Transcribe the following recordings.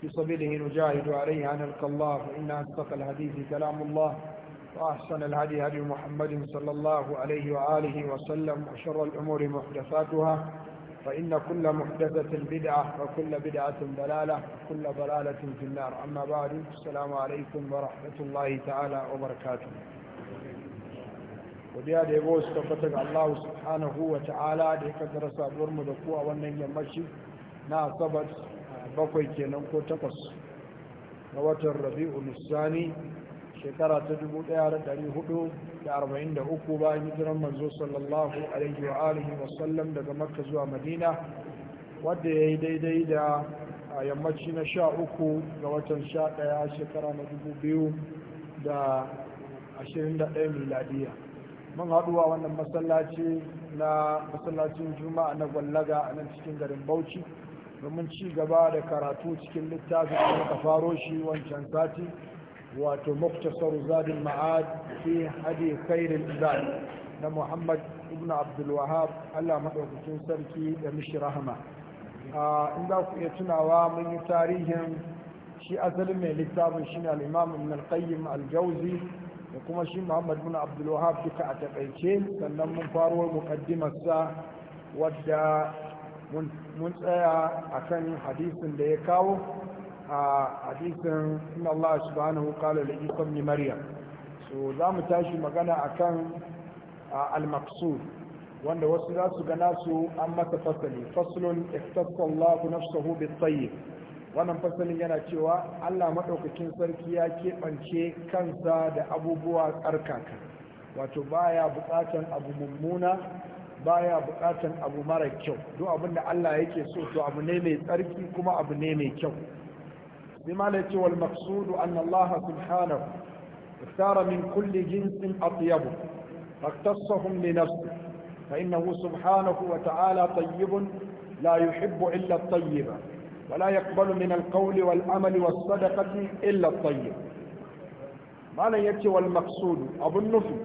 في سبيله نجاهد عليه أن نلقى الله فإن أصدق الحديث كلام الله وأحسن الهدي هدي محمد صلى الله عليه وآله وسلم وشر الأمور محدثاتها فإن كل محدثة بدعة وكل بدعة ضلالة وكل ضلالة في النار أما بعد السلام عليكم ورحمة الله تعالى وبركاته godiya da yabo الله سبحانه وتعالى Allah subhanahu wa ta'ala da ya kaddara sabuwar bakwai kenan ko takwas ga watan rabi'u nisani shekara ta 1443 bayan hijiran manzo sallallahu alaihi wa alihi wa sallam daga makka zuwa madina wadda ya yi daidai da a yammaci na sha uku ga watan sha ɗaya shekara na dubu biyu da ashirin da ɗaya miladiya mun haɗuwa wannan masallaci na masallacin juma'a na gwallaga a nan cikin garin bauchi domin ci gaba da karatu cikin littafin da muka faro shi wancan sati wato muktasar zadin ma'ad fi hadi khairul ibad na Muhammad ibn Abdul Allah madaukakin sarki da mishi rahama in za ku iya tunawa mun yi tarihin shi asalin mai littafin shine ne al-Imam Ibn al-Qayyim al-Jawzi da kuma shi Muhammad ibn Abdul duka a takaice sannan mun faro muqaddimarsa wadda mun tsaya a kan hadisin da ya kawo a hadisin inna Allah subhanahu qala li ibn maryam so za mu tashi magana akan al-maqsud wanda wasu za su gana su an masa fasali faslun iftasa Allah nafsuhu bit-tayyib wannan fasalin yana cewa Allah madaukakin sarki ya keɓance kansa da abubuwa tsarkaka wato baya buƙatan abu mummuna baya bukatan abu mara kyau duk abin da Allah yake so to abu ne mai tsarki kuma abu ne mai kyau bi mala ce wal maqsudu anna Allah subhanahu اختار من كل جنس أطيب فاختصهم لنفسه فإنه سبحانه وتعالى طيب لا يحب إلا الطيب ولا يقبل من القول والعمل والصدقة إلا الطيب ما لا يأتي والمقصود أبو النفي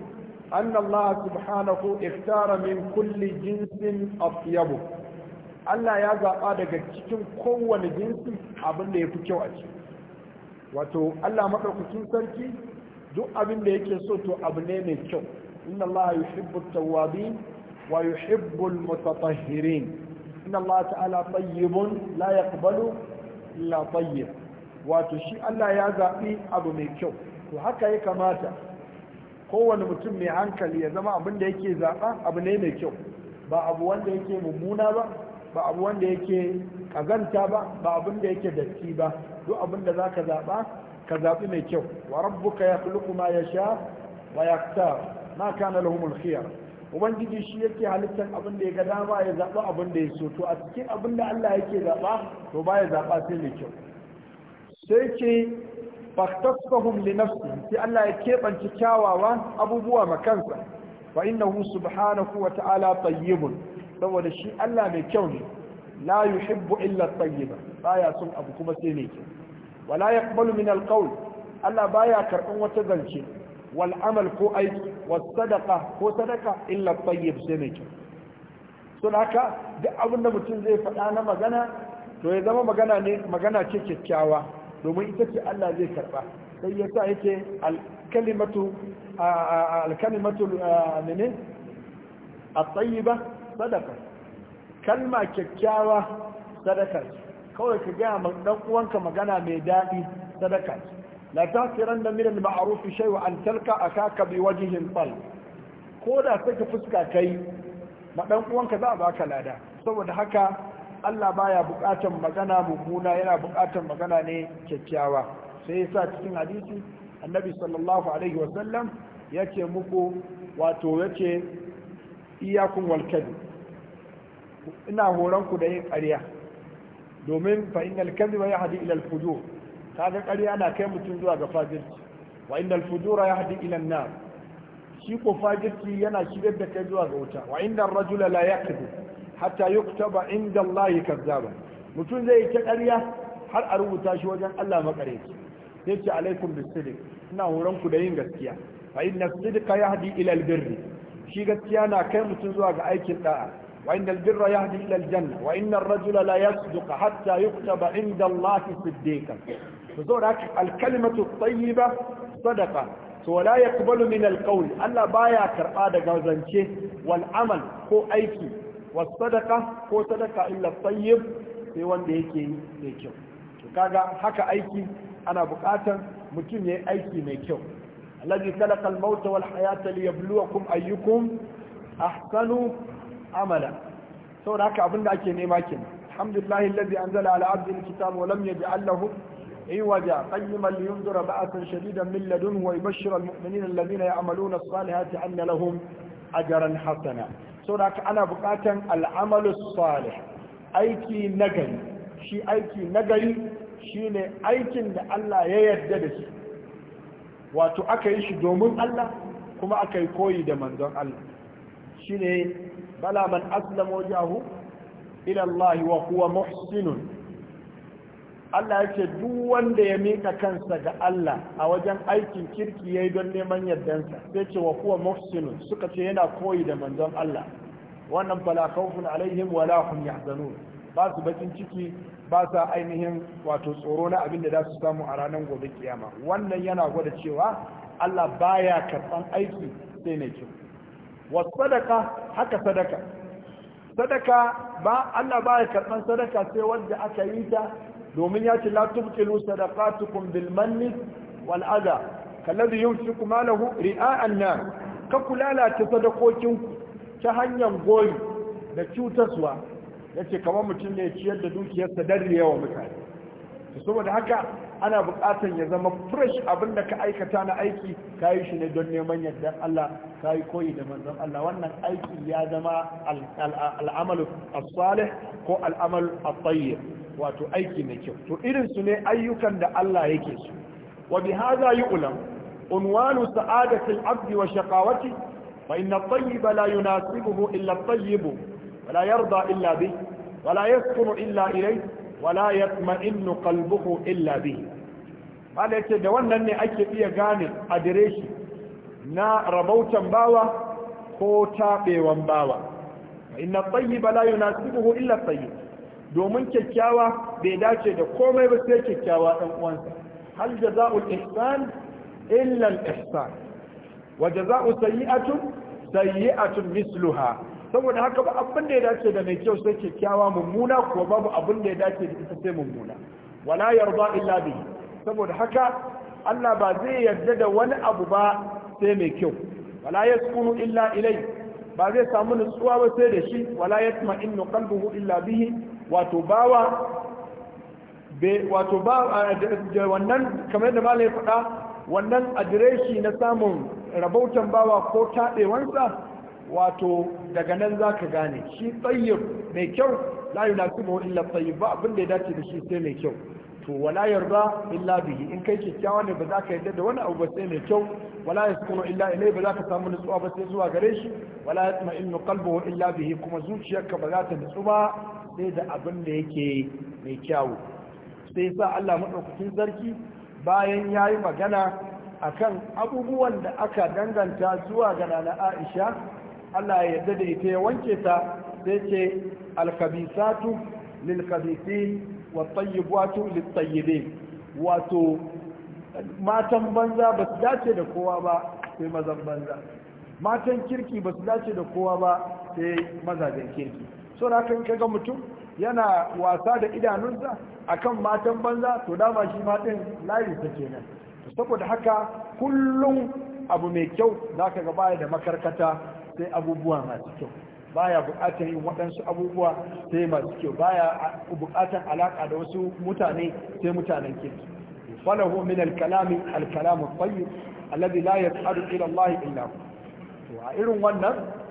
أن الله سبحانه اختار من كل جنس أطيبه Allah ya zaɓa daga cikin kowane jinsi abin da ya fi kyau a ciki wato Allah maɗaukakin sarki duk abin da yake so to abu ne mai kyau inna Allah yuhibbu tawwabin wa yuhibbu al-mutatahhirin inna Allah ta'ala tayyibun la yaqbalu la tayyib wato shi Allah ya zaɓi abu mai kyau to haka ya kamata kowane mutum mai hankali ya zama abin da yake zaɓa abu ne mai kyau ba abu wanda yake mummuna ba ba abu wanda yake ƙazanta ba ba abin da yake datti ba duk abin da za ka zaɓa ka zaɓi mai kyau wa rabbuka ya kuluku ma ya sha wa ya ma kana lahumul khiyar ubangiji shi yake halittar abin da ya ga dama ya zaɓa abin da ya so to a cikin abin da Allah yake zaɓa to ba ya zaɓa sai mai kyau sai ke. fastasfahum li nafsi sai Allah ya kebanci kyawawa abubuwa makansa fa innahu subhanahu wa ta'ala tayyibun saboda shi Allah mai kyau ne la yuhibbu illa at-tayyiba baya sun abu kuma sai ne kyau wala yaqbalu min al-qawl Allah baya karɓan wata zance wal amal ko aiki was sadaqa ko sadaka illa at sai mai kyau don haka duk abinda mutum zai faɗa na magana to ya zama magana ne magana ce kyakkyawa domin ita ce Allah zai karba sai ya sa yake alkalimatu alkalimatu menene at-tayyiba sadaqa kalma kyakkyawa sadaka kawai ka ga man dan uwanka magana mai dadi sadaka la da min al-ma'ruf shay'an an talqa akaka wajen talq ko da ka fuska kai ma dan uwanka za a baka lada saboda haka Allah baya bukatan magana mummuna yana bukatan magana ne kyakkyawa sai yasa cikin hadisi annabi sallallahu alaihi wasallam yake muku wato yake iyakun walkadi ina horon ku da yin ƙarya domin fa innal kadhiba yahdi ila al-fujur kaga ƙarya na kai mutum zuwa ga fajirci wa innal fujura yahdi ila an-nar shi ko fajirci yana shigar da kai zuwa ga wuta wa innal rajula la yaqdu hatta yuktaba inda Allah kazzaba mutum zai ta ƙarya har a rubuta shi wajen Allah makareci sai alaikum bisidik ina horon ku da yin gaskiya fa inna sidqa yahdi ila albirr shi gaskiya na kai mutum zuwa ga aikin da'a wa inna albirra yahdi ila aljanna wa inna ar-rajula la yasduq hatta yuktaba inda Allah siddiqan to zo da al-kalimatu at-tayyiba sadaqa to la yaqbalu min al Allah baya karba daga zance wal amal ko aiki wasadaka ko sadaka illa tsayyib sai wanda yake yi mai kyau to kaga haka aiki ana buƙatar mutum ya yi aiki mai kyau allazi khalaqa al-mauta wal hayata liyabluwakum ayyukum ahsanu amala saboda haka abinda ake nema kenan alhamdulillah allazi anzala ala abdihi al-kitaba wa lam yaj'al lahu عوجا قيما لينذر بأسا شديدا من لدنه ويبشر المؤمنين الذين يعملون الصالحات أن لهم أجرا حسنا saboda ka ana buƙatar al'amalu salih aiki nagari shi aiki nagari shine aikin da Allah ya yarda da shi wato aka yi shi domin Allah kuma aka yi koyi da manzon Allah shine bala man aslama wajahu ila Allah wa kuwa muhsinun Allah ya ce duk wanda ya mika kansa ga Allah a wajen aikin kirki yayi don neman yardansa sai ce wa kuwa muhsinun suka ce yana koyi da manzon Allah wannan fala khawfun alaihim wala hum yahzanun ba su bakin ciki ba sa ainihin wato tsoro na abin da za su samu a ranar gobe kiyama wannan yana gwada cewa Allah baya karban aiki sai ne kyau wa sadaka haka sadaka sadaka ba Allah baya karban sadaka sai wanda aka yi ta domin ya ce la tubtilu sadaqatukum bil manni wal adha kallazi yunfiqu malahu ri'a an-nas ka kulalata sadakokinku ta hanyar goyi da cutarwa yace kamar mutum ne ciyar da dukiyarsa dan riyawa mutane saboda haka ana buƙatar ya zama fresh abin da ka aikata na aiki ka yi shi ne don neman yadda Allah ka yi koyi da manzon Allah wannan aiki ya zama al'amal as-salih ko al'amal at-tayyib wato aiki mai kyau to irin su ne ayyukan da Allah yake su wa bi hadha yu'lam unwanu sa'adati al-abd wa shaqawati fa inna at-tayyiba la yunasibuhu illa at-tayyib wa la yarda illa bi? wa la yaskunu illa ilayhi wa la yatma'innu qalbuhu illa bi? bala ce, da wannan ne ake iya gane adireshi na rabautan bawa ko tabewan bawa fa inna at-tayyiba la yunasibuhu illa at-tayyib domin kyakkyawa bai dace da komai ba sai kyakkyawa ɗan uwansa hal jaza'ul ihsan illa al ihsan wa jaza'u sayyi'atun sayyi'atun misluha saboda haka ba abin da ya dace da mai kyau sai kyakkyawa mummuna ko babu abin da ya dace da ita sai mummuna wala yarda illa bi saboda haka Allah ba zai yarda da wani abu ba sai mai kyau wala yaskunu illa ilai ba zai samu nutsuwa ba sai da shi wala yatma innu qalbuhu illa bihi wato bawa be wato ba wannan kamar da malai faɗa wannan adireshi na samun rabautan bawa ko taɗewansa wato daga nan za ka gane shi tsayyib mai kyau Layu la yunasibu illa tsayyib ba abin da ya dace da shi sai mai kyau to wala yarda illa bihi in kai kyakkyawa ne ba za ka yarda da wani abu ba sai mai kyau wala kuma illa ilai ba za ka samu nutsuwa ba sai zuwa gare shi wala yatma'innu qalbuhu illa bihi kuma zuciyarka ba za ta nutsu ba sai da abin da yake mai kyawu sai sa Allah maɗaukakin sarki bayan ya yi magana a kan abubuwan da aka danganta zuwa ga na Aisha Allah ya yarda da ita ya wanke ta sai ce alkabisatu lilkabisin wa tsayyibatu littayyibin wato matan banza ba su dace da kowa ba sai mazan banza matan kirki ba su dace da kowa ba sai mazajen kirki so na kan kaga mutum yana wasa da idanunsa akan matan banza to dama shi matan ke kenan saboda haka kullum abu mai kyau za ka gaba da makarkata sai abubuwa masu kyau baya buƙatar yin waɗansu abubuwa sai masu kyau baya buƙatar alaƙa da wasu mutane sai mutanen ke falahu min alkalami alkalamu tayyib alladhi la yas'adu ila Allah illa hu wa a irin wannan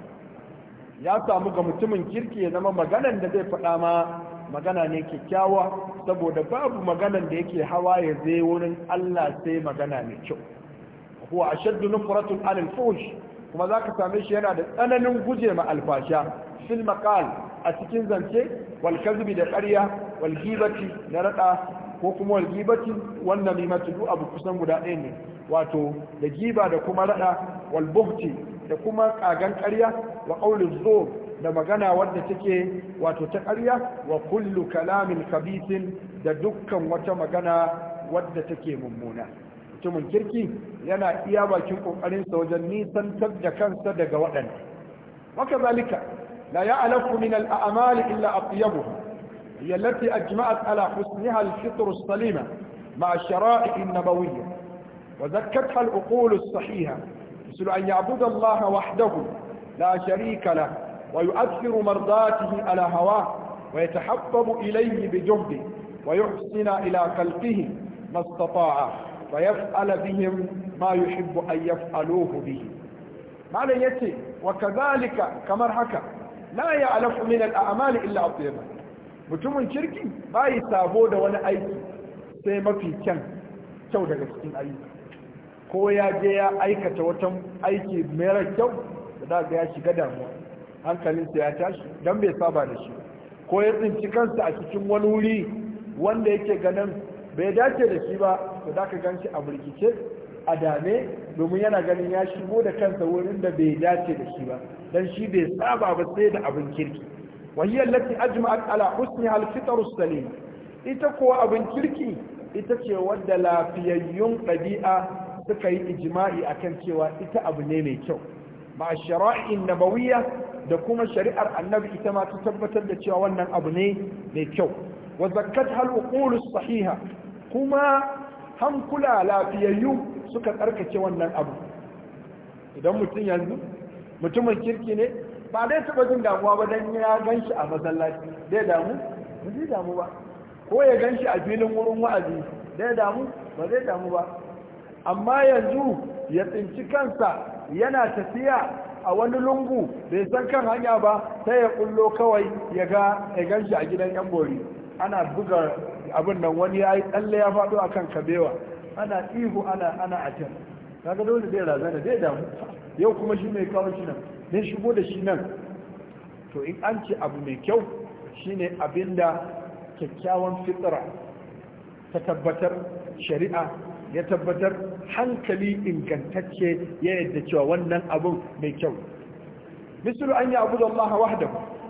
ya samu ga mutumin kirki ya zama maganan da zai faɗa ma magana ne kyakkyawa saboda babu maganan da yake hawa ya zai wurin Allah sai magana mai kyau huwa ashaddu nufratun alal fush kuma zaka same shi yana da tsananin guje ma alfasha fil maqal a cikin zance wal kadhibi da qarya wal ghibati na rada ko kuma wal ghibati wannan limatu abu kusan guda ɗaya ne wato da giba da kuma rada wal buhti da kuma kagan ƙarya wa ƙaunin zo da magana wadda take wato ta ƙarya wa kullu kalamin kabisin da dukkan wata magana wadda take mummuna mutumin kirki yana iya bakin ƙoƙarinsa wajen nisan da kansa daga waɗanda haka zalika la ya'lafu min al-a'mal illa atyabuha هي التي أجمعت salima حسنها الفطر السليمة wa الشرائع al-uqul as-sahiha مثل أن يعبد الله وحده لا شريك له ويؤثر مرضاته على هواه ويتحبب إليه بجهده ويحسن إلى خلقه ما استطاع فيفعل بهم ما يحب أن يفعلوه به ما يتي وكذلك كمرحكة لا يعلف من الأعمال إلا الطيبة متوم شركي ما sabo ولا wani سيما في mafi شودة kyau daga ko ya je ya aikata wata aiki mara kyau da za ga ya shiga damuwa hankalinsa ya tashi don bai saba da shi ko ya tsinci kansa a cikin wani wuri wanda yake ganin bai dace da shi ba da za ka gan shi a burkice a dame domin yana ganin ya shigo da kansa wurin da bai dace da shi ba Don shi bai saba ba sai da abin kirki wahiyar lati ajima ala husni al-fitr ita kuwa abin kirki ita ce wadda lafiyayyun ɗabi'a suka yi ijma'i akan cewa ita abu ne mai kyau ma shara'in nabawiyya da kuma shari'ar annabi ita ma ta tabbatar da cewa wannan abu ne mai kyau wa zakkat hal uqul sahiha kuma hankula lafiyayyu suka tsarkace wannan abu idan mutum yanzu mutumin kirki ne ba dai taɓa jin damuwa ba dan ya ganshi a masallaci dai damu ba zai damu ba ko ya ganshi a filin wurin wa'azi dai damu ba zai damu ba amma yanzu ya tsinci kansa yana tafiya a wani lungu bai san kan hanya ba sai ya kullo kawai ya ga ya ganshi a gidan yan bori ana buga abin nan wani ya yi tsalle ya faɗo a kan kabewa ana ihu ana ana a can kaga dole zai razana zai damu yau kuma shi mai kawo shi nan ne shigo da shi nan to in an ce abu mai kyau shine da kyakkyawan fitira ta tabbatar shari'a ya tabbatar hankali ingantacce ya yadda cewa wannan abun mai kyau misalu an yabu da Allah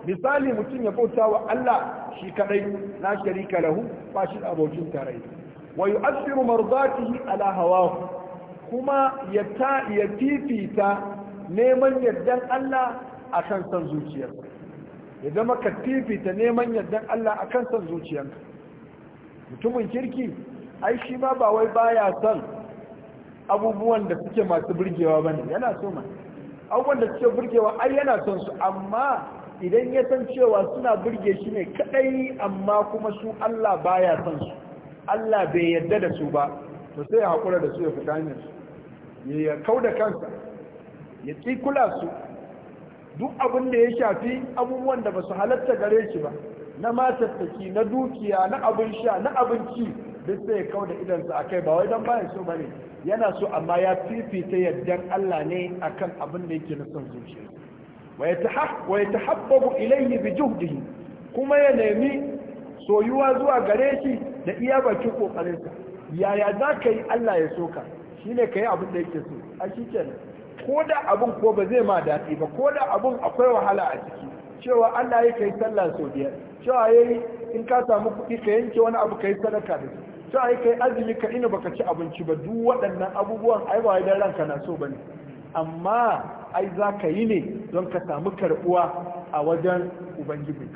misali mutum ya bauta wa Allah shi kadai na sharika lahu ba shi da abokin tarayya wa yu'athiru mardatihi ala hawahu kuma ya ta ya fifita neman yardan Allah akan san zuciyarsa ya zama ka fifita neman yardan Allah akan san zuciyarka mutumin kirki ai shi ma ba wai baya son abubuwan da suke masu burgewa ba ne yana so ma abubuwan da suke burgewa ai yana son su amma idan ya san cewa suna burge shi ne kadai amma kuma su Allah baya son su Allah bai yarda da su ba to sai ya haƙura da su ya fita hanyar su ya kau da kansa ya tsikula su duk abin da ya shafi abubuwan da ba su halatta gare shi ba na matattaki na dukiya na abin sha na abinci duk sai kau da idansa a kai ba wai don bayan so ba ne yana so amma ya fifita yadda Allah ne akan abin da yake na zuciya wa ya ta tahabbabu ilayhi bi juhdihi kuma ya nemi soyuwa zuwa gare shi da iya baki kokarinsa yaya za ka yi Allah ya soka ne ka yi abin da yake so a shi ko da abin ko ba zai ma daɗi ba ko da abin akwai wahala a ciki cewa Allah ya kai sallah sau biyar cewa ya yi in ka samu kuɗi ka yanke wani abu ka yi sadaka da su? to ai kai azumi ka ina baka ci abinci ba duk waɗannan abubuwan ai ba idan ranka na so bane amma ai za ka yi ne don ka samu karɓuwa a wajen ubangiji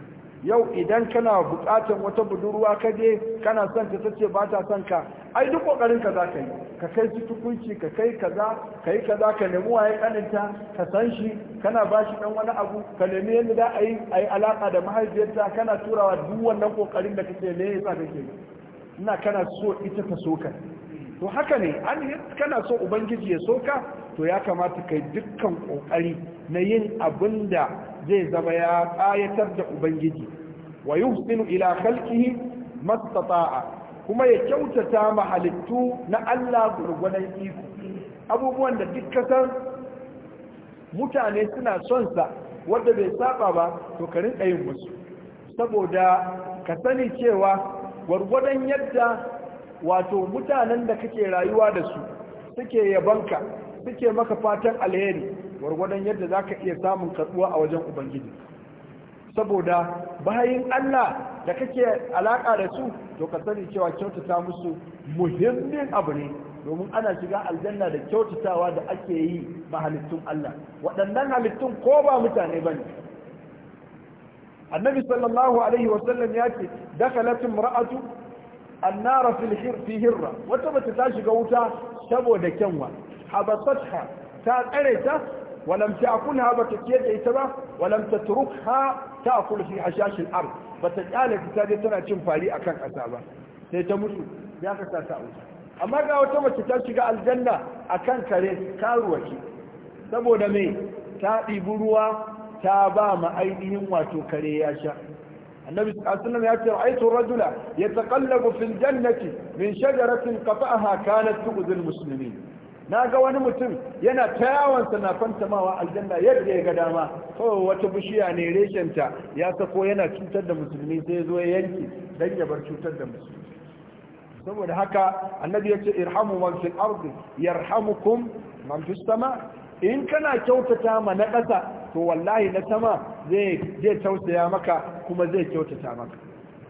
yau idan kana buƙatar wata budurwa ka je kana son ta tace ba ta son ka ai duk kokarin ka za ka yi ka kai su tukunci ka kai kaza ka yi kaza ka nemi waye kaninta ka san shi kana ba shi dan wani abu ka nemi yadda za a yi alaƙa da mahaifiyarta kana turawa duk wannan ƙoƙarin da kake ne yasa kake yi ina kana so ita ta soka to haka ne an kana so ubangiji ya soka to ya kamata kai dukkan kokari na yin abin da zai zama ya ƙayatar da ubangiji wa yuhsinu ila khalqihi mastata'a kuma ya kyautata mahalittu na Allah gurgunan iko abubuwan da duk mutane suna son sa wanda bai saba ba to ka rinka yin musu saboda ka sani cewa gwargwadon yadda wato mutanen da kake rayuwa da su suke yabanka suke maka fatan alheri gwargwadon yadda za ka iya samun karbuwa a wajen ubangiji saboda bayan allah da kake alaƙa da su to ka sani cewa kyautata musu muhimmin abu ne domin ana shiga aljanna da kyautatawa da ake yi mahalittun allah waɗannan halittun ko ba mutane ba ne annabi sallallahu alaihi wasallam ya ce dakalatin ra'atu annara fil hir fi hirra wata mace ta shiga wuta saboda kyanwa habasatha ta tsare ta walam ta'kulha ba ta ciyar da ita ba walam tatrukha ta'kul fi hashash al-ard ba ta ta je tana cin fari akan kasa ba sai ta mutu ya ka sa ta wuta amma ga wata mace ta shiga aljanna akan kare karuwa ce saboda me ta ɗibi ruwa ta ba ma ainihin wato kare ya sha annabi sallallahu alaihi wasallam ya ce aitu rajula yataqallabu fil jannati min shajaratin qata'aha kanat tu'dhi Musulmi. Na ga wani mutum yana ta yawon sanafantamawa aljanna yadda ya ga dama kawai wata bishiya ne reshenta ya sako yana cutar da musulmi sai zo ya yanki dan ya bar cutar da musulmi saboda haka annabi ya ce irhamu man fil ardi yarhamukum man fis sama in kana kyautata ma na ƙasa to wallahi na sama zai tausaya maka kuma zai kyautata maka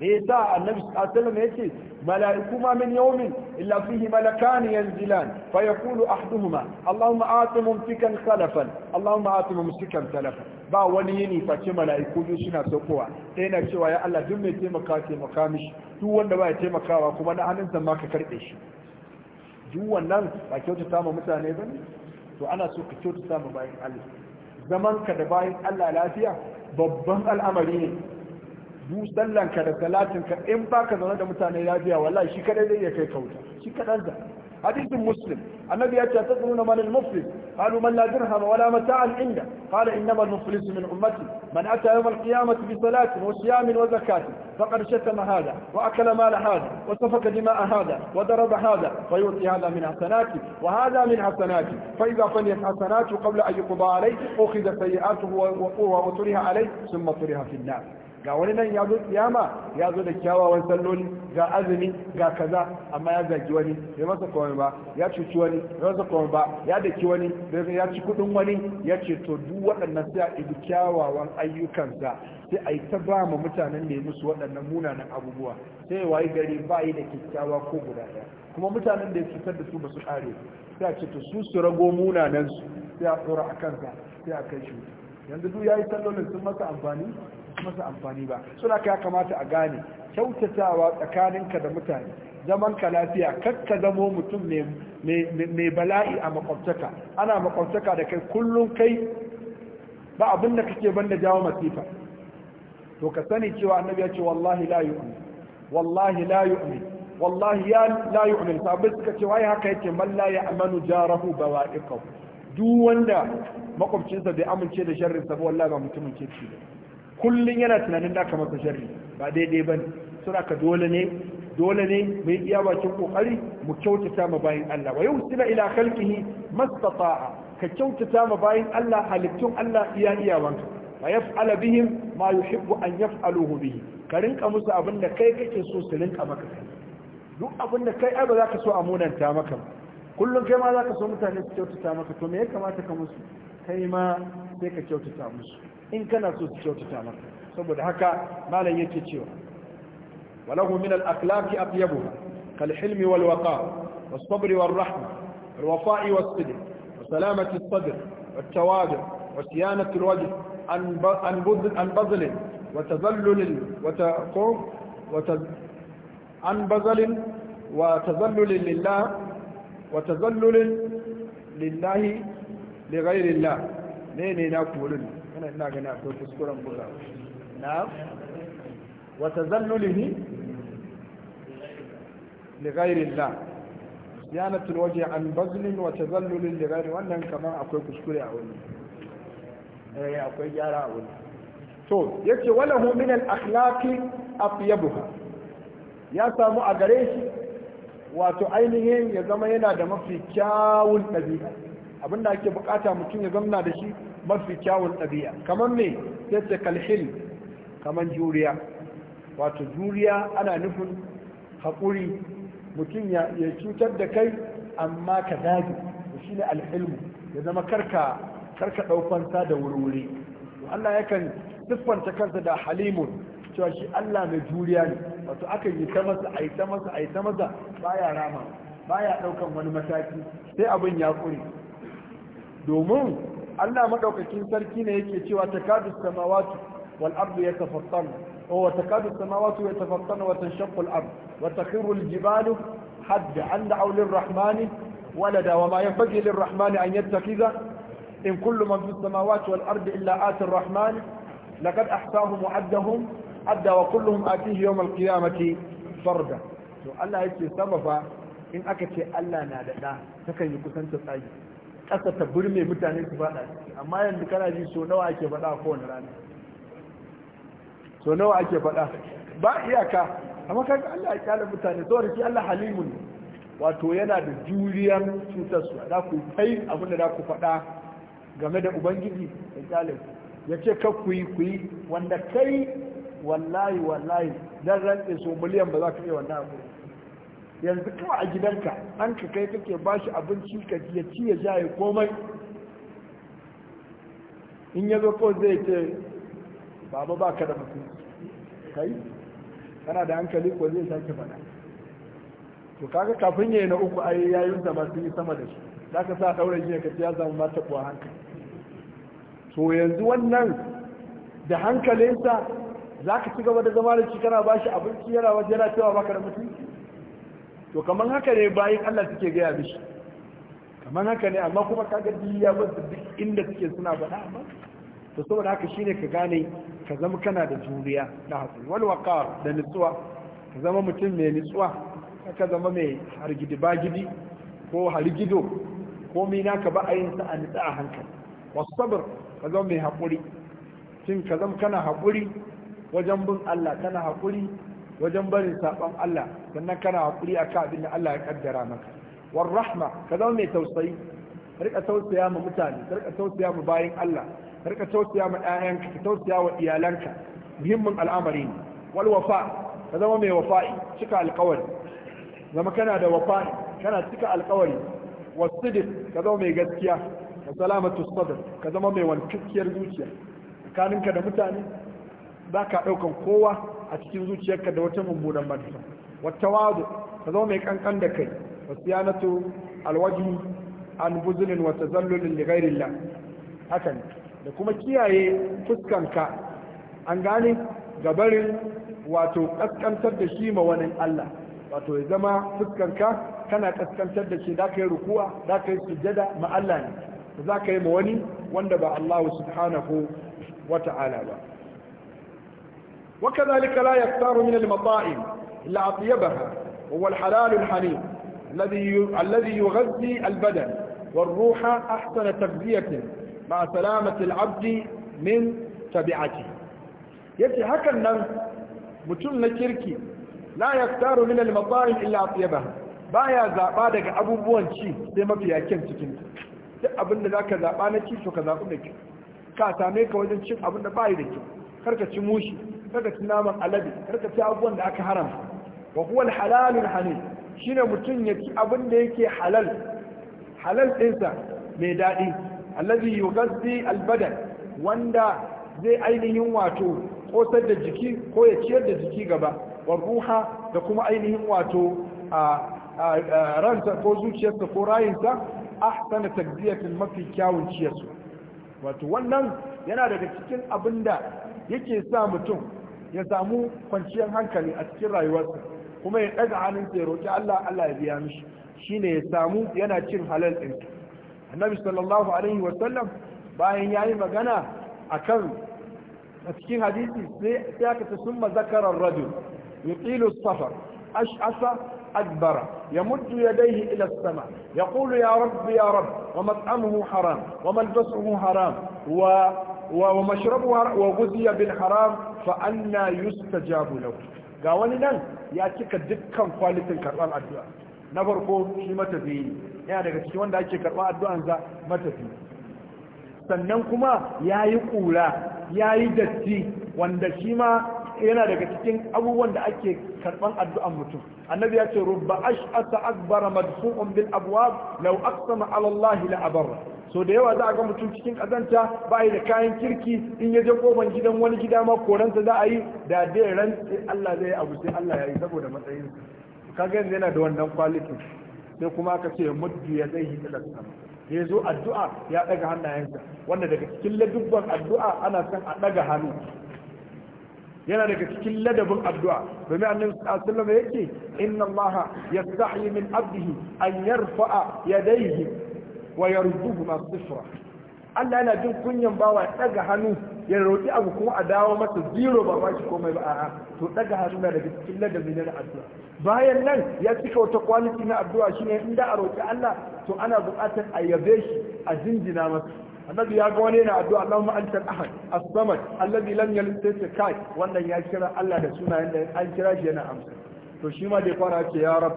me sa annabi sallallahu alaihi yace mala'iku ma min yawmin illa fihi malakan yanzilan fa yaqulu ahduhuma allahumma ati mumtikan khalafan allahumma ati mumtikan talafan ba wani yini face mala'iku biyu suna saukowa ɗaya na cewa ya Allah duk mai taimaka taimaka mishi duk wanda ba ya taimakawa kuma na hannunsa ma ka karɓe shi duk wannan ba kyautata ma mutane ba ne to ana so ka kyautata ma bayan Allah zamanka da bayan Allah lafiya babban al'amari ne Dusallanka sallanka da salatinka in baka zaune da mutane lafiya wallahi shi kadai zai iya kai kauta shi kadan da hadisin muslim annabi ya ce ta tsuna manil muslim قالوا من لا درهم ولا متاع عنده قال إنما المخلص من أمتي من أتى يوم القيامة بصلاة وصيام وزكاة فقد شتم هذا وأكل مال هذا وسفك دماء هذا وضرب هذا فيعطي هذا من حسناته وهذا من حسناته فإذا فنيت حسناته قبل أن يقضى عليه أخذ سيئاته وقوه وطرها عليه ثم طرها في النار ga wani nan ya zo tsiyama ya zo da kyawawan salloli ga azumi ga kaza amma ya zagi wani ya masa komai ba ya cuci wani bai masa komai ba ya daki wani ya ci kudin wani ya ce to duk waɗannan sai a ibi kyawawan ayyukansa sai a yi ta ba ma mutanen da musu waɗannan munanan abubuwa sai ya wayi gari ba yi da kyakkyawa ko guda ɗaya kuma mutanen da ya cutar da su ba su ƙare sai a ce to su su rago munanansu sai a tsora a kansa sai a kai shi yanzu duk ya yi sallolin sun masa amfani masa amfani ba suna ka kamata a gane kyautatawa tsakaninka da mutane zaman ka lafiya kakka zamo mutum mai bala'i a makwabtaka ana makwabtaka da kai kullum kai ba abin da kake banda jawo masifa to ka sani cewa annabi ya ce wallahi la yu'min wallahi la yu'min wallahi ya la yu'min suka ce wai haka yake man la ya'manu jarahu bawa'iqahu duk wanda makwabcinsa bai amince da sharrin sa wallahi ba mutumin kirki kullum yana tunanin da aka masa sharri ba daidai ba ne suna ka dole ne dole ne mai iya bakin kokari mu kyautata ma bayin Allah wa yau sila ila khalqihi mastata'a ka kyautata ma bayin Allah halittun Allah iya wanka wa yaf'ala bihim ma yuhibbu an yaf'aluhu bihi ka rinka musu abin da kai kake so su rinka maka duk abin da kai ai ba za ka so a munanta maka kullum kai ma za ka so mutane su kyautata maka to me ya kamata ka musu kai ma sai ka kyautata musu in kana so su kyautata maka saboda haka malam yake cewa walahu min al-akhlaqi atyabu kal hilmi wal waqar was sabr war rahma wal wafa'i was sidq wa salamati as-sadr wat tawadu wa siyanati al-wajh an budd an bazl wa tazallul wa taqum wa an bazl wa tazallul lillah wa tazallul lillahi li ghayri allah ne ne na kulun wannan ina gani akwai kuskuren buga na wata zallulihi li ghairi Allah siyanatul waje an bazlin wa tazallulin li ghairi wannan kamar akwai kuskure a wani eh akwai gyara a wani to yace walahu min al akhlaqi afyabuha ya samu a gare shi wato ainihin ya zama yana da mafi kyawun ɗabi'a abinda ake bukata mutum ya zamna da shi mafi kyawun ɗabi'a kamar me sai ta kalhin kamar juriya wato juriya ana nufin haƙuri mutum ya cutar da kai amma ka dage da shi ne alhilmu ya zama karka karka ɗaukansa da wurwuri Allah yakan siffanta kansa da halimun cewa shi Allah mai juriya ne wato aka yi ta masa a yi ta masa a yi ta masa baya rama baya ɗaukan wani mataki sai abin ya ƙuri. domin Allah madaukakin sarki ne yake cewa takadu samawati wal ardu yatafattaru wa takadu samawati yatafattaru wa tanshaqqu al ard wa takhiru al jibalu hadda an da'u lir rahmani walada wa ma yanbaghi lir rahmani an yattakhidha in kullu man fis samawati wal ardi illa ati ar rahmani laqad ahsahum wa addahum adda wa kulluhum atihi yawm al qiyamati farda to Allah yake sabafa in aka ce Allah na da da takan yi kusanta tsagi ƙasa ta burme mutane su faɗa amma yanzu kana ji so nawa ake faɗa kowane rana so nawa ake faɗa ba iyaka amma kaga Allah ya kyale mutane saboda shi Allah halimun wato yana da juriyar cutar su da ku kai abin da ku faɗa game da ubangiji ya kyale ku ya ce ka ku yi ku yi wanda kai wallahi wallahi dan rantse so miliyan ba za ka iya wannan abu yanzu kawai a gidanka an ka kai kake ba shi abinci ka ya ci ya ja ya komai in ya zo ko zai ce baba ba ka da mutum kai kana da hankali ko zai sake faɗa to kaga kafin yayi na uku ai yayin da masu yi sama da shi za ka sa ɗaure jiya ka ya zama mata kuwa hankali to yanzu wannan da hankalinsa ka ci gaba da zama da shi kana shi abinci yana waje yana cewa baka da mutunci to kamar haka ne bayan Allah suke gaya mishi kamar haka ne amma kuma ka gaji ya basu duk inda suke suna faɗa amma to saboda haka shine ka gane ka zama kana da juriya da hakuri wal waqar da nutsuwa ka zama mutum mai nutsuwa ka zama mai hargidi bagidi ko hargido ko mina ka ba ayin sa a nutsa a hankali wasu sabr ka zama mai hakuri shin ka zama kana hakuri wajen bin Allah kana hakuri wajen barin saban Allah sannan kana hakuri akan abin da Allah ya kaddara maka Wan rahma ka zama mai tausayi rika tausaya ma mutane rika tausaya ma bayan Allah rika tausaya ma ƴaƴanka ka tausaya wa iyalanka muhimmin al'amari ne wal wafa ka zama mai wafa'i cika alƙawari zama kana da wafa'i kana cika alƙawari wasidiq ka zama mai gaskiya wa salamatu sadr ka zama mai wani wankakkiyar zuciya tsakaninka da mutane za ka ɗaukan kowa a cikin zuciyarka da wata mummunan manufa wata wadu ka zama mai kankan da kai wasu yanatu alwaji an buzulin wata zallulin ligairillah haka ne da kuma kiyaye fuskanka an gane gabarin wato kaskantar da shi ma wani Allah wato ya zama fuskanka kana kaskantar da shi za ka yi rukuwa za ka yi sujjada ma Allah ne za ka yi ma wani wanda ba Allah subhanahu wa ta'ala ba وكذلك لا يختار من المطاعم إلا أطيبها وهو الحلال الحنيف الذي الذي يغذي البدن والروح أحسن تغذية مع سلامة العبد من تبعته يتي الناس متن كركي لا يختار من المطاعم إلا أطيبها بايا زعبادك أبو بوانشي لما في أكين تكين أبن ذاك زعبانكي شو كذا أبنك كاتاميك وزن شو أبن بايدك خركة شموشي kada ci naman alade karka ci abubuwan da aka haramta wa huwa halalul hani shine mutum ya ci abin da yake halal halal ɗinsa mai daɗi allazi yughazzi albadan wanda zai ainihin wato kosar da jiki ko ya ciyar da jiki gaba wa ruha da kuma ainihin wato a ranta ko zuciyarsa ko rayinsa ahsana takdiyatin mafi kyawun ciyarsu wato wannan yana daga cikin abinda yake sa mutum ya samu kwanciyar hankali a cikin rayuwarsa kuma ya ɗaga hannunsa ya roƙi Allah Allah ya biya mishi shine ya samu yana cin halal ɗin annabi sallallahu alaihi wasallam bayan yayi magana akan a cikin hadisi sai aka ce summa zakara ar-rajul yutilu as-safar ash'asa أكبر ya rabbi إلى السماء يقول يا رب يا رب haram wa wa حرام wa ومشربه وغذي haram fa anna yustajabu lahu ga wani nan ya cika dukkan kwalitin karɓar addu'a na farko shi matafiyi yana daga cikin wanda ake karɓar za matafi sannan kuma ya yi ƙura ya yi datti wanda shi ma yana daga cikin abubuwan da ake karɓar addu'an mutum annabi ya ce rubba ash'ata akbara madfu'un bil abwab law aqsama ala Allah la abarra so da yawa za a ga mutum cikin kazanta ba da kayan kirki in ya je koban gidan wani gida ma koransa za a yi da dai ran Allah zai abu sai Allah ya yi saboda matsayin Ka yanzu yana da wannan quality sai kuma aka ce muddu ya zai yi sama ya zo addu'a ya daga hannayensa wanda daga cikin ladubban addu'a ana san a daga hannu yana daga cikin ladabin addu'a domin annabi sallallahu alaihi wasallam yake inna allaha yastahi min abdihi an yarfa'a yadayhi wa yarzuhu sifra Allah yana jin kunyan bawa daga hannu ya roƙi abu kuma a dawo masa zero ba ba shi komai ba a'a to daga hannu na daga cikin ladabi na addu'a bayan nan ya cika wata kwaliti na addu'a shine in da a roƙi Allah to ana buƙatar a yabe shi a jinjina masa annabi ya ga wani yana addu'a Allahumma anta al-ahad as-samad alladhi lam yalid wa kai wannan ya kira Allah da sunayen da an kira shi yana amsa to shi ma da fara ce ya rab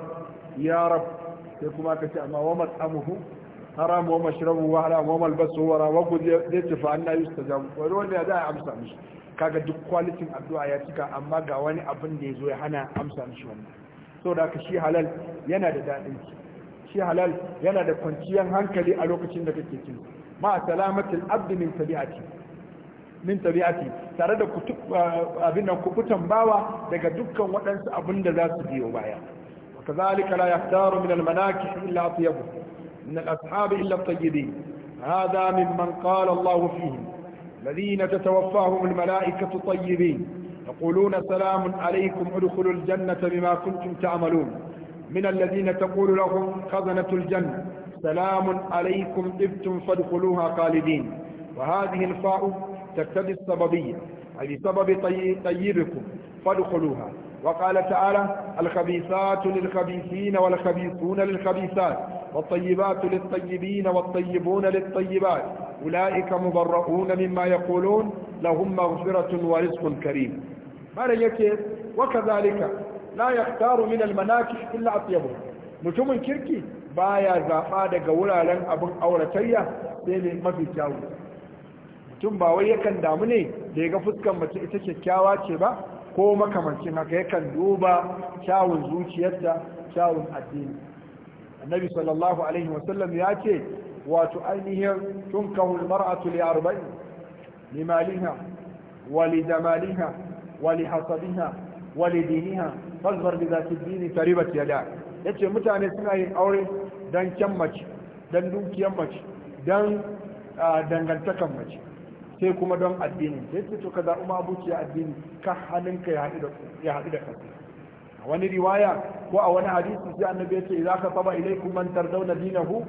ya rab sai kuma ka ce amma wa mat'amuhu haram wa mashrabu wa haram wa malbasu wa rawa ku zai tafi an na yusta jamu wani wanda ya za a amsa mishi kaga duk kwalitin addu'a ya cika amma ga wani abin da ya zo ya hana amsa mishi wannan so da ka shi halal yana da daɗin shi halal yana da kwanciyar hankali a lokacin da kake cin ma salamatul abdi min tabi'ati min tabi'ati tare da eh, abin nan kubutan bawa daga dukkan waɗansu abin da za su biyo baya kazalika la yahtaru min al-manakih illa atyabu من الأصحاب إلا الطيبين هذا ممن قال الله فيهم الذين تتوفاهم الملائكة طيبين يقولون سلام عليكم ادخلوا الجنة بما كنتم تعملون من الذين تقول لهم خزنة الجنة سلام عليكم طبتم فادخلوها خالدين وهذه الفاء تقتضي السببية أي بسبب طيب- طيبكم فادخلوها وقال تعالى الخبيثات للخبيثين والخبيثون للخبيثات والطيبات للطيبين والطيبون للطيبات أولئك مبرؤون مما يقولون لهم مغفرة ورزق كريم ماذا يكي وكذلك لا يختار من المناكح إلا أطيبه نتم كركي بايا زعفاد قولا لن أبن أورتيا سيني ما في كاوي mutum باوية كان دامني damu ne da ya ga ko makamancin haka yakan duba kyawun zuciyarta kyawun addini annabi sallallahu alaihi wasallam ya ce wato ainihin tunkahu almar'atu li arba'in limaliha wa li jamaliha wa li hasabiha wa li diniha fazbar bi zati dini taribat yada yace mutane suna yin aure dan kyan mace dan dukiyan mace dan dangantakan mace sai kuma don addini sai ce to ka zaɓi ma abuciya addini ka hannunka ya haɗu da kasa a wani riwaya ko a wani hadisi sai annabi ya ce za ka saba ilaikum man tardawna dinahu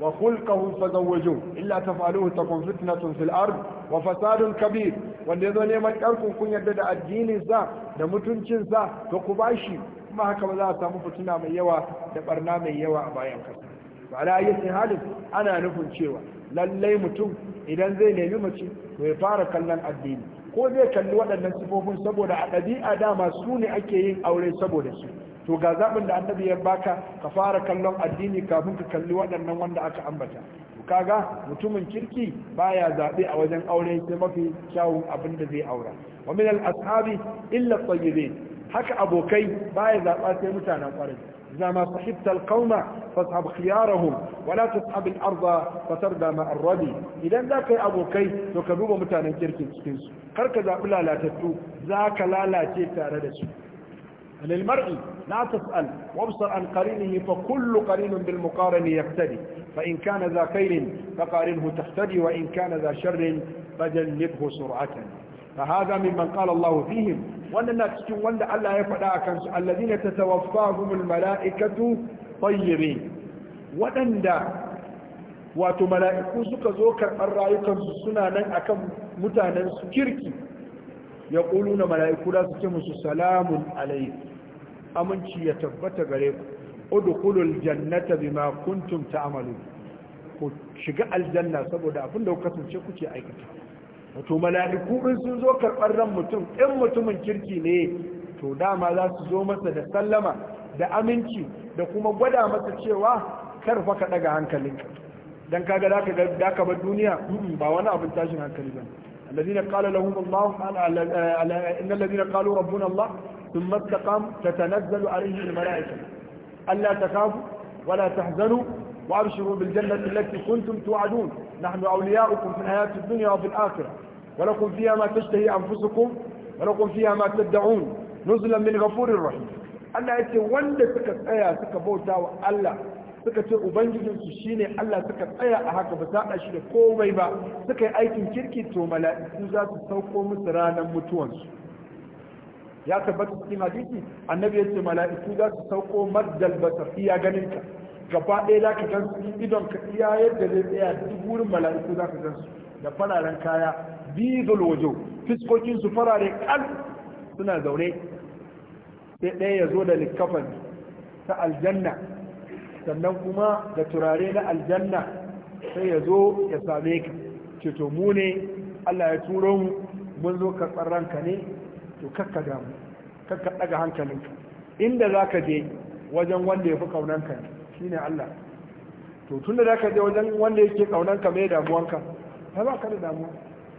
wa khulqahu fazawwiju illa tafaluhu takun fitnatun fil ard wa fasadun kabir wanda yazo neman ɗarkun kun yadda da addinin sa da mutuncin sa to ku bashi kuma haka ba za a samu fituna mai yawa da barna mai yawa a bayan kasa ba ala halin ana nufin cewa lallai mutum idan zai nemi mace to ya fara kallon addini ko zai kalli waɗannan sifofin saboda a ɗabi'a dama su ne ake yin aure saboda su to ga zaɓin da annabi ya baka ka fara kallon addini kafin ka kalli waɗannan wanda aka ambata kaga mutumin kirki baya zaɓe a wajen aure sai mafi kyawun abin da zai aura wa min al-ashabi illa tayyibin haka abokai baya zaɓa sai mutanen ƙwarai zama sahibtal qauma فاصحب خيارهم ولا تصحب الارض فتردى مع الردي idan zakai abokai to ka duba mutanen kirkin cikin su kar ka zabi lalatattu zaka lalace tare da su lil mar'i la tas'al wabsar an qarinihi fa kullu qarinun bil muqarani yaftadi fa in kana za khairin fa qarinhu tahtadi wa in kana za sharrin fajannibhu sur'atan fa hadha mimman qala Allah fihim wannan na cikin wanda Allah ya faɗa akan su alladhina tatawaffahumul mala'ikatu tayyibin waɗanda wato mala'iku suka zo karɓar rayukansu suna nan akan mutanen su kirki ya ƙulu na mala'iku da su ce musu salamun alaihi aminci ya tabbata gare ku udkhulul jannata bima kuntum ta'malu ku shiga aljanna saboda abin da kasance ku kuke aikata wato mala'iku in sun zo karɓar ran mutum in mutumin kirki ne to dama za su zo masa da sallama da aminci da kuma gwada masa cewa kar fa ka daga hankalinka dan kaga da ka da ka bar duniya ba wani abin tashin hankali ba الذين قال لهم الله إن الذين قالوا ربنا الله ثم استقام تتنزل عليهم الملائكة ألا تخافوا ولا تحزنوا وأبشروا بالجنة التي كنتم توعدون نحن أولياؤكم في الحياة الدنيا وفي الآخرة ولكم فيها ما تشتهي أنفسكم ولكم فيها ما تدعون نزلا من غفور رحيم Allah ya ce wanda suka tsaya suka bauta wa Allah suka ce ubangijinsu shine Allah suka tsaya a haka ba za shi da komai ba suka yi aikin kirki to mala'iku za su sauko musu ranar mutuwansu ya tabbata cikin hadisi annabi ya ce mala'iku za su sauko maddal basar iya ganin ka gaba ɗaya za ka gan su idon ka iya yadda zai tsaya duk wurin mala'iku za ka gan su da fararen kaya bizul wajo fiskokin su farare kal suna zaune sai ɗaya ya zo da likafan ta aljanna sannan kuma da turare na aljanna sai ya zo ya same ka ceto mu ne Allah ya turo mu mun zo karɓar ranka ne to kakka damu kakka ɗaga hankalinka inda za ka je wajen wanda ya fi ƙaunanka shi ne Allah to tun da za ka je wajen wanda yake ƙaunanka mai damuwanka ba ba ka da damuwa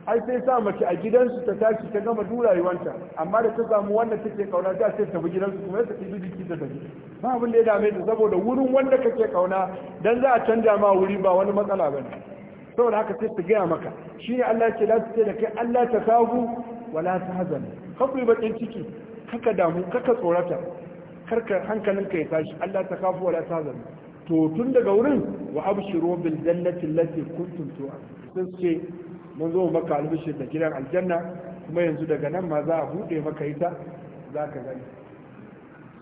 ai sai sa mace a gidansu ta tashi ta gama duk rayuwanta amma da ta samu wanda take kauna ta ce ta bi gidansu kuma ya tafi ki ta tafi ba abin da ya dame ta saboda wurin wanda kake kauna dan za a canja ma wuri ba wani matsala bane saboda haka sai su gaya maka shine Allah ya ce su ce da kai Allah ta kagu wala ta hazan kafu bakin ciki ka damu kaka tsorata karka hankalinka ya tashi Allah ta kafu wala ta hazan to tun daga wurin wa abshiru bil jannati allati kuntum tu'ad sai mun zo maka albishir da gidan aljanna kuma yanzu daga nan ma za a bude maka ita za ka gani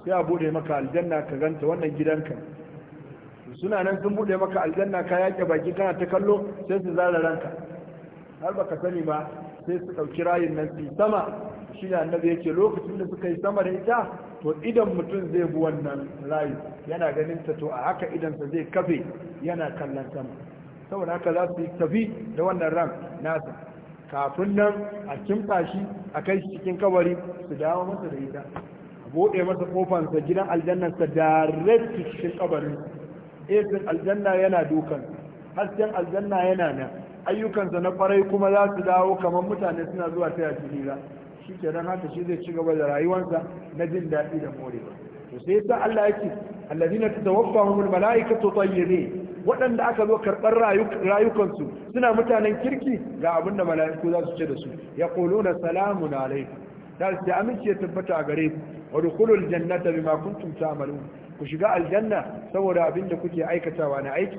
sai a bude maka aljanna ka ganta wannan gidanka suna nan sun bude maka aljanna ka yake baki kana ta kallo sai su zara ranka har baka sani ba sai su ɗauki rayin nan su sama shi ne annabi yake lokacin da suka yi sama da ita to idan mutum zai bi wannan rayu yana ganin ta to a haka sa zai kafe yana kallon sama saboda haka za su tafi da wannan ran nasa kafin nan a kimta shi a kai shi cikin kabari su dawo masa da ita a buɗe masa kofansa gidan aljannansa direct cikin kabarin esin aljanna yana dukan hasken aljanna yana nan ayyukansa na kwarai kuma za su dawo kamar mutane suna zuwa ta yaji hira shi ke haka shi zai ci gaba da rayuwarsa na jin daɗi da morewa to sai yasa Allah yake alladina tatawaffahumul mala'ikatu tayyibin waɗanda aka zo karɓar rayukansu suna mutanen kirki ga abin da mala'iku za su ce da su ya ƙolo na salamun alaikum da su ce aminci ya tabbata a gare ku wa dukulul jannata bima kuntum malu. ku shiga aljanna saboda abin da kuke aikatawa na aiki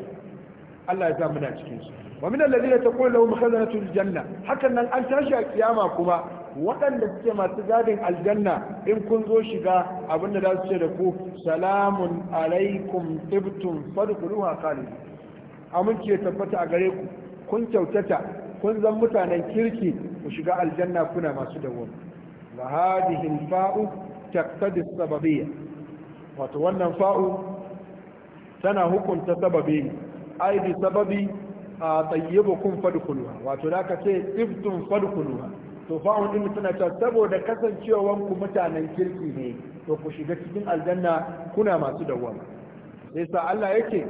Allah ya sa muna cikin su wa min alladhina taqulu lahum khazanatu aljanna hakan nan an tashi a kiyama kuma waɗanda suke masu gadin aljanna in kun zo shiga abinda za su ce da ku salamun alaikum tibtum fadkhuluha khalid amince tabbata a gare ku kun kyautata kun zan mutanen kirki ku shiga aljanna kuna masu dawo wa hadhihi alfa'u taqtadi as-sababiyya wato wannan fa'u tana hukunta sababi ai bi sababi a tayyibukum fadkhuluha wato da ka ce tibtum fadkhuluha to fa'un din suna cewa saboda kasancewa ku mutanen kirki ne to ku shiga cikin aljanna kuna masu dawwama sai sa Allah yake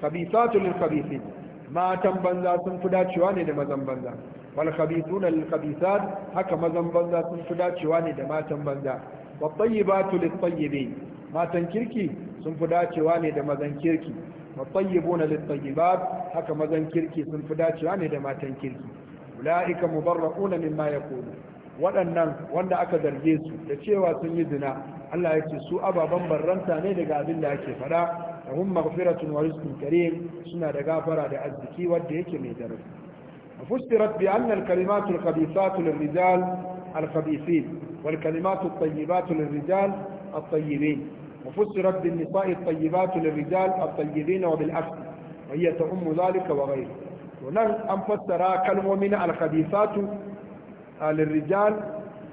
khabithatu lil khabithin matan banza sun fi dacewa ne da mazan banza wal khabithuna lil khabithat haka mazan banza sun fi dacewa ne da matan banza wa tayyibatu lit tayyibin matan kirki sun fi dacewa ne da mazan kirki wa tayyibuna lit tayyibat haka mazan kirki sun fi dacewa ne da matan kirki أولئك مبرؤون مما يقولون وأن وأن أكدر يسوع تشيوا سيدنا الله يتسوء أبا بمبر رمتا نيدك أبلا كفرا لهم مغفرة ورزق كريم سنة لغافرة لأزكي وديك ميدر فسرت بأن الكلمات الخبيثات للرجال الخبيثين والكلمات الطيبات للرجال الطيبين وفسرت بالنساء الطيبات للرجال الطيبين وبالعكس وهي تعم ذلك وغيره ونن أنفسر كلمة من الخبيثات للرجال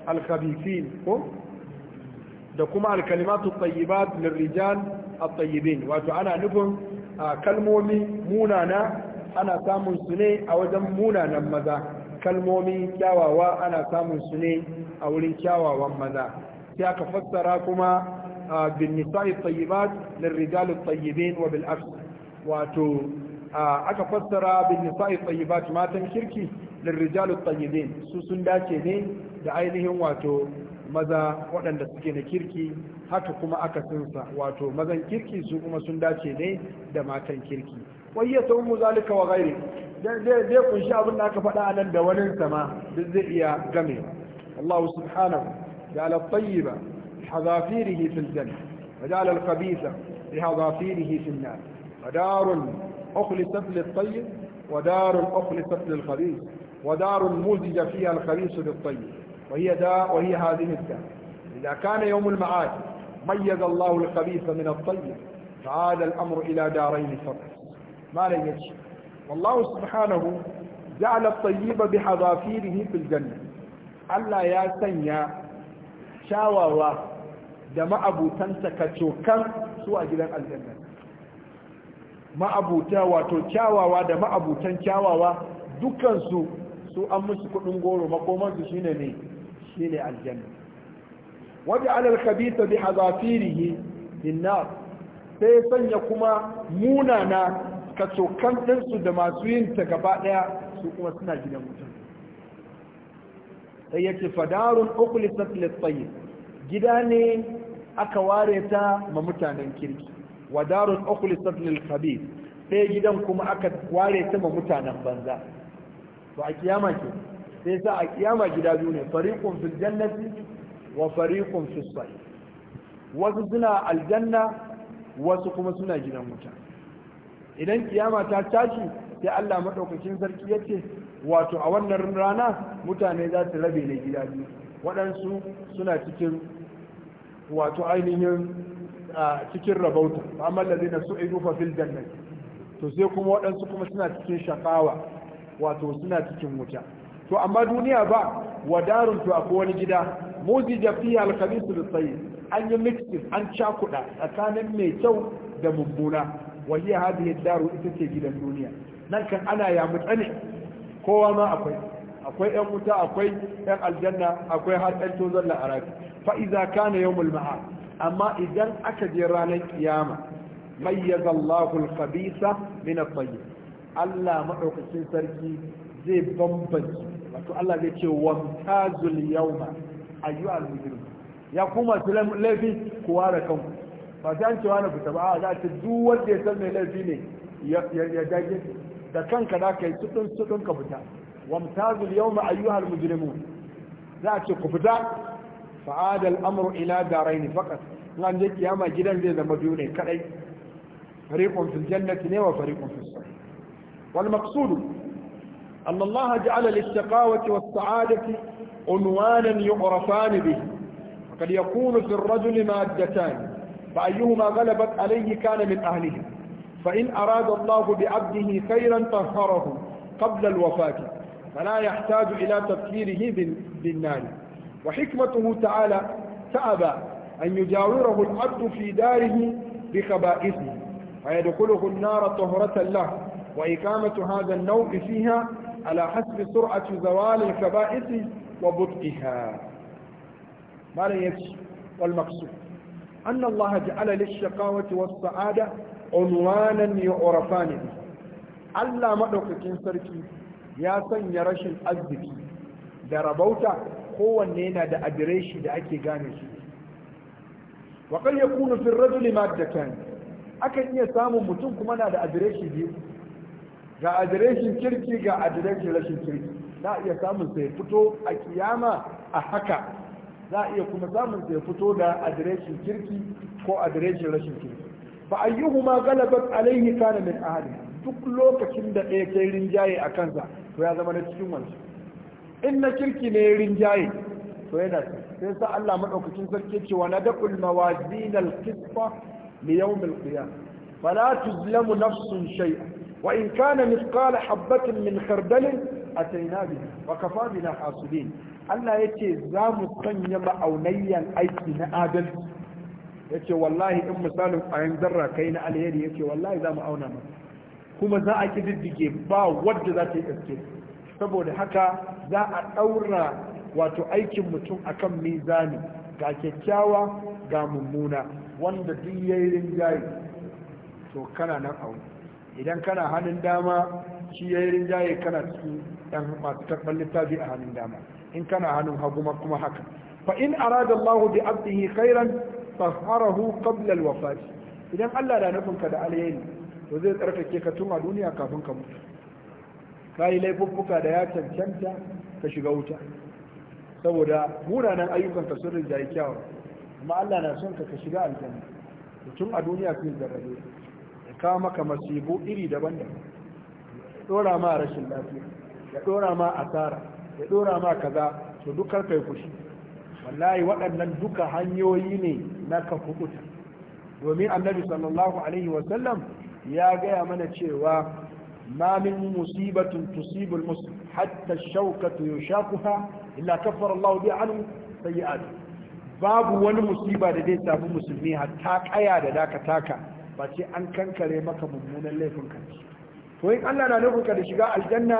الخبيثين كم دكما الكلمات الطيبات للرجال الطيبين واتو أنا نفهم آه، كلمة من أنا سامن سني أو دم مونا نمذا kalmomi kyawawa ana samun su سني a wurin kyawawan maza sai aka fassara kuma bin nisa'i tayyibat lirrijal tayyibin wa bil afs wato aka fassara bin nisa'i tayyibat matan kirki lirrijalu tayyibin su sun dace ne da ainihin wato maza waɗanda suke na kirki haka kuma aka sunsa wato mazan kirki su kuma sun dace ne da matan kirki wayyata mu zalika wa ghairi zai kunshi abin da aka faɗa nan da wani sama duk zai iya game Allah subhanahu ja'ala at-tayyiba hadafirihi fil janna wa ja'ala al-khabitha li hadafirihi fil nar wa darun أخلصت للطيب ودار أخلصت للخبيث ودار مزج فيها الخبيث بالطيب وهي دا وهي هذه الدار إذا كان يوم المعاد ميز الله الخبيث من الطيب فعاد الأمر إلى دارين فقط ما لا والله سبحانه جعل الطيب بحذافيره في الجنة ألا يا سنيا شاوى الله دم أبو تنسك توكا سوى جلال الجنة ma'abuta wato kyawawa da ma'abutan kyawawa dukansu su an musu kudin goro makomansu shine ne shine aljanna wajen alal kabisa bi hazafirihi inna sai sanya kuma munana ka cokan su da masu yin ta gaba ɗaya su kuma suna gidan mutum sai yake fadarun ukulisat littayin gida ne aka wareta ma mutanen kirki wa darun ukhlisat lil khabith sai gidan kuma aka ware ta ma mutanen banza to a kiyama ke sai sa a kiyama gida biyu ne fariqun fil jannati wa fariqun fis sa'ir wasu suna aljanna wasu kuma suna gidan wuta idan kiyama ta tashi sai Allah madaukakin sarki yace wato a wannan rana mutane za su rabe ne gida biyu waɗansu suna cikin wato ainihin cikin rabauta da ladina su fa fil jannati to sai kuma waɗansu kuma suna cikin shakawa wato suna cikin wuta to amma duniya ba wadarun to akwai wani gida muzija fiha al-khabith da sayyid an yi mixing an cakuda tsakanin mai kyau da mummuna wa hiya hadhihi daru ita ce gidan duniya nan kan ana ya mutane kowa ma akwai akwai yan wuta akwai yan aljanna akwai har ɗan tozon la'arabi fa iza kana yawmul ma'a amma idan aka je ranar kiyama mayyaza Allahul khabisa min at-tayyib Allah madaukakin sarki zai bambance wato Allah zai ce wamtazul yawma ayyuhal mujrimun ya kuma su laifi kuwa da kanku ba sai an cewa na fita ba a za ta duk wanda ya san mai laifi ne ya dage da kanka da ka yi sudun sudun ka fita wamtazul yawma ayyuhal mujrimun za a ce ku fita فعاد الامر الى دارين فقط لان نعم، جيت يا ما zai zama biyu ne فريق في الجنة وفريق في wa والمقصود أن الله جعل للشقاوة والسعادة عنوانا يعرفان به وقد يكون في الرجل مادتان فأيهما غلبت عليه كان من أهله فإن أراد الله بعبده خيرا طهره قبل الوفاة فلا يحتاج إلى تذكيره بالنار وحكمته تعالى تأبى أن يجاوره العبد في داره بخبائثه فيدخله النار طهرة له وإقامة هذا النوع فيها على حسب سرعة زوال الكبائث وبطئها ما لا يكشف والمقصود أن الله جعل للشقاوة والسعادة عنوانا يعرفان به ألا maɗaukakin sarki يا سن rashin arziki أزكي rabauta kowanne yana da adireshi da ake gane shi wa kan kunu fi rajuli maddatan akan iya samun mutum kuma na da adireshi biyu ga adireshin kirki ga adireshin rashin kirki za a iya samun sai fito a kiyama a haka za a iya kuma samun sai fito da adireshin kirki ko adireshin rashin kirki Ba fa ayyuhuma galabat alayhi kana min ahli duk lokacin da ɗaya kai rinjaye a kansa to ya zama na cikin wancan in na kirki ne rinjaye to yana sai sa Allah madaukakin sarki ce wa nadqul mawazin al-qisfa li yawm al-qiyam fala tuzlamu nafsun shay'a wa in kana mithqala habatin min khardal atayna bihi wa kafa hasibin Allah yace za mu sanya ma'aunayyan aiki na adalci yace wallahi in misalin ayin zarra kai na alheri yace wallahi za mu auna maka kuma za a kididdige ba wadda za ta yi gaske saboda haka za a ɗaura wato aikin mutum a kan mizani ga kyakkyawa ga mummuna wanda duk ya yi rinjaye to kana nan a idan kana hannun dama shi ya yi rinjaye kana cikin ɗan masu karɓar littafi a hannun dama in kana hannun hagu kuma haka fa in arada Allah bi abdihi khairan taharahu qabla al-wafat idan Allah da nufin ka da alheri to zai tsarkake ka tun a duniya kafin ka mutu kai laifuffuka da ya cancanta ka shiga wuta saboda munanan ayyukan ka sun rinjaye kyawun amma Allah na son ka ka shiga aljanna mutum a duniya sun zarrabe ya kawo maka masibo iri daban-daban ya dora ma rashin lafiya ya dora ma asara ya dora ma kaza to dukkan kai fushi wallahi waɗannan duka hanyoyi ne na ka kukuta domin annabi sallallahu alaihi wasallam ya gaya mana cewa ما من مصيبة تصيب المسلم حتى الشوكة يشاقها إلا كفر الله بها عنه سيئاته babu wani musiba da zai samu musulmi hatta kaya da daka taka ba ce an kankare maka mummunan laifin ka to in Allah na nufin ka da shiga aljanna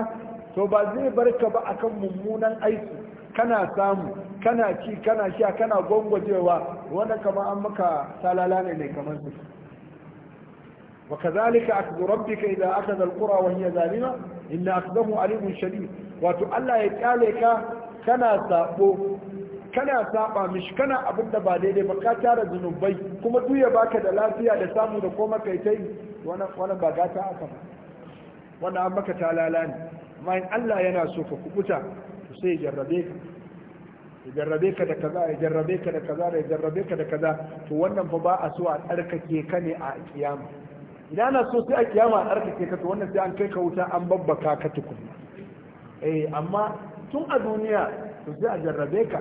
to ba zai bar ka ba akan mummunan aiki kana samu kana ci kana sha kana gwangwajewa wanda kama an maka salala ne ne kamar su وكذلك أخذ ربك aka أخذ القرى وهي ظالمة إن أخذه أليم شديد wato Allah ya kyale ka kana sabo kana saba mish kana abun da ba daidai ba ka tara zunubai kuma duk baka da lafiya da samu da koma kai tai wannan wannan ba gata aka ba wannan an maka talala ne amma Allah yana so ka kubuta to ya jarrabe ka da kaza ya jarrabe ka da kaza ya jarrabe ka da kaza to wannan fa ba a so a tsarkake ka ne a kiyama idan ana so sai a kiyama a tsarkake ka to wannan sai an kai ka wuta an babbaka ka tukuna eh amma tun a duniya to sai a jarrabe ka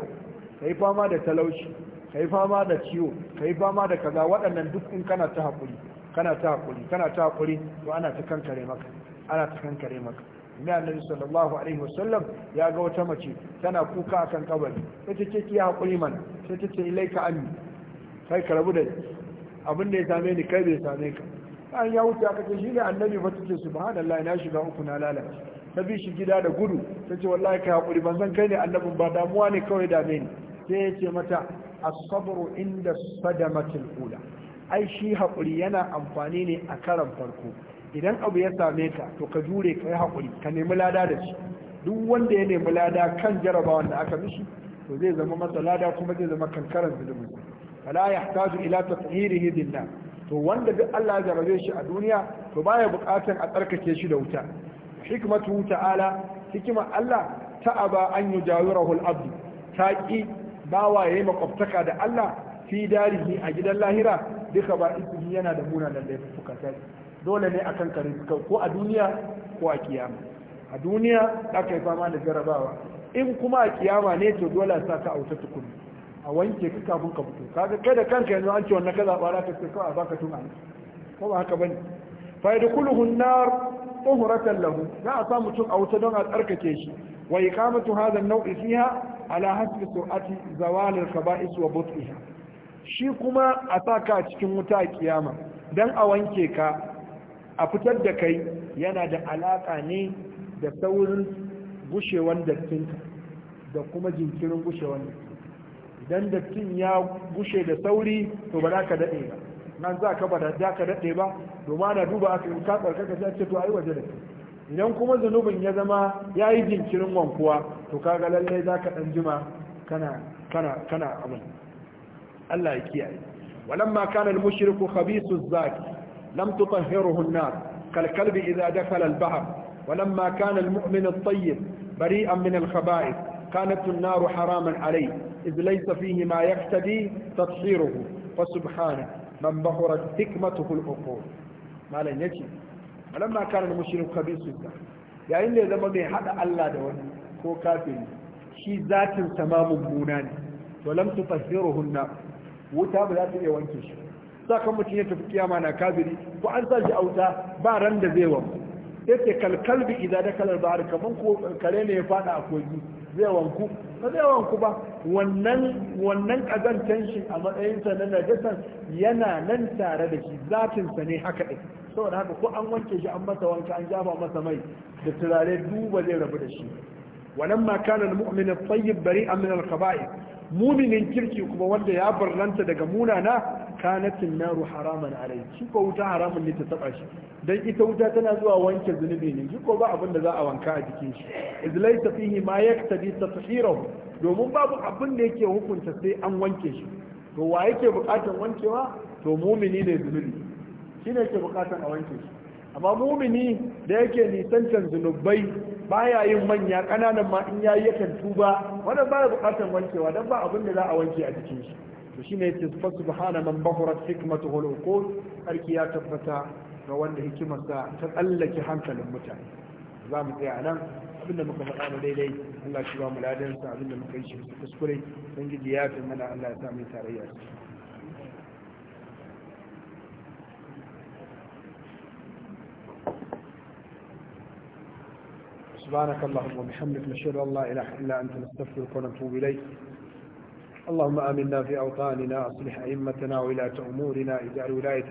kai fama da talauci kai fama da ciwo kai fama da kaza waɗannan duk in kana ta hakuri kana ta hakuri kana ta hakuri to ana ta kankare maka ana ta kankare maka mai annabi sallallahu alaihi wasallam ya ga wata mace tana kuka akan kabari sai ta ce ki hakuri mana sai ta ce ilaika anni kai ka rabu da abin da ya same ni kai bai same ka an ya wuce aka ce ne annabi fa tace subhanallah na shiga uku na lalace ta bi shi gida da gudu ta ce wallahi ka hakuri ban san kai ne annabin ba damuwa ne kawai da ni sai ya ce mata as-sabru inda sadamatil ula ai shi hakuri yana amfani ne a karan farko idan abu ya same ka to ka jure ka yi hakuri ka nemi lada da shi duk wanda ya nemi lada kan jarabawan da aka mishi to zai zama masa lada kuma zai zama kankaran zulumi fala yahtaju ila tathhirihi billah to wanda duk Allah ya jarabe shi a duniya to baya buƙatar a tsarkake shi da wuta hikmatu ta'ala hikima Allah ta'aba an yujawirahu al-abd taqi bawa yayi makwabtaka da Allah fi darihi a gidan lahira duka ba isihi yana da munanan da fuka dole ne akan kare ko a duniya ko a kiyama a duniya aka yi fama da jarabawa in kuma a kiyama ne to dole sa ka auta tukuni a wanke ka kafin ka fito kaga kai da kanka yanzu an ce wannan kaza bara ka ce kawai a baka tun an ko ba haka bane fa yadkhuluhu an-nar lahu za a sa mutum a wuta don a tsarkake shi wa iqamatu hadha an-naw'i fiha ala hasbi sur'ati zawal al-khaba'is wa but'iha shi kuma a sa ka cikin wuta a kiyama dan a wanke ka a fitar da kai yana da alaka ne da saurin gushewan dattinka da kuma jinkirin gushewan idan dattin ya gushe da sauri to ba za ka daɗe ba nan za ka za ka daɗe ba domin ana duba aka yi ka tsarkaka ka ce to ai waje da idan kuma zunubin ya zama ya yi jinkirin wankuwa to kaga lallai za ka ɗan jima kana kana kana Allah ya kiyaye walamma kana al-mushriku khabisu zaki lam tutahhiruhu an-nar kal kalbi idha dakhala al-bahr walamma kana al-mu'min at-tayyib bari'an min al-khaba'ith كانت النار حراما عليه إذ ليس فيه ما يقتدي تطهيره فسبحانه من بحرت حكمته الأقول ما لن يجي ولما كان المشرك كبير سبحانه يعني إذا ما بي حد ألا دون هو كافر شي ذات تمام مونان ولم تطهره النار وتاب ذات إيوان كشف ساكم متنية في القيامة أنا كافر وأنزل بارند زيوان yace kalkalbi idan da kalar bahar kaman ko kare ne ya fada a kogi zai wanku ba zai wanku ba wannan wannan kazantan shi a matsayin sa na najasan yana nan tare da shi zatin sa ne haka din saboda haka ko an wanke shi an masa wanka an jafa masa mai da turare duba zai rabu da shi ولما كان المؤمن الطيب بريئا من الخبائث muminin kirki kuma wanda ya barranta daga munana kanatin naru haraman alai shi ko wuta haramun ne ta taba shi dan ita wuta tana zuwa wanke zunubi ne shi ko ba abin da za a wanka a jikin shi iz laysa fihi ma yaktabi tathhirahu domin babu abin da yake hukunta sai an wanke shi to wa yake bukatan wankewa to mumini ne zunubi ne yake bukatan a wanke shi amma mumini da yake nisancan zunubai baya yin manya kananan ma in yayi yakan tuba wannan baya bukatan wankewa dan ba abin da za a wanke a jikin shi to shine yace fa subhana man bahurat hikmatuhu al-uqul sarki ya tabbata ga wanda hikimarsa ta tsallake hankalin mutane za mu tsaya nan abinda muka faɗa na daidai Allah shi ba mu ladan sa abinda muka yi shi su kuskure dan gidi ya fi mana Allah ya sa mu tarayya سبحانك اللهم وبحمدك نشهد ان لا اله الا انت نستغفرك ونتوب اليك اللهم آمنا في أوطاننا أصلح أئمتنا ولاة أمورنا اجعل ولاية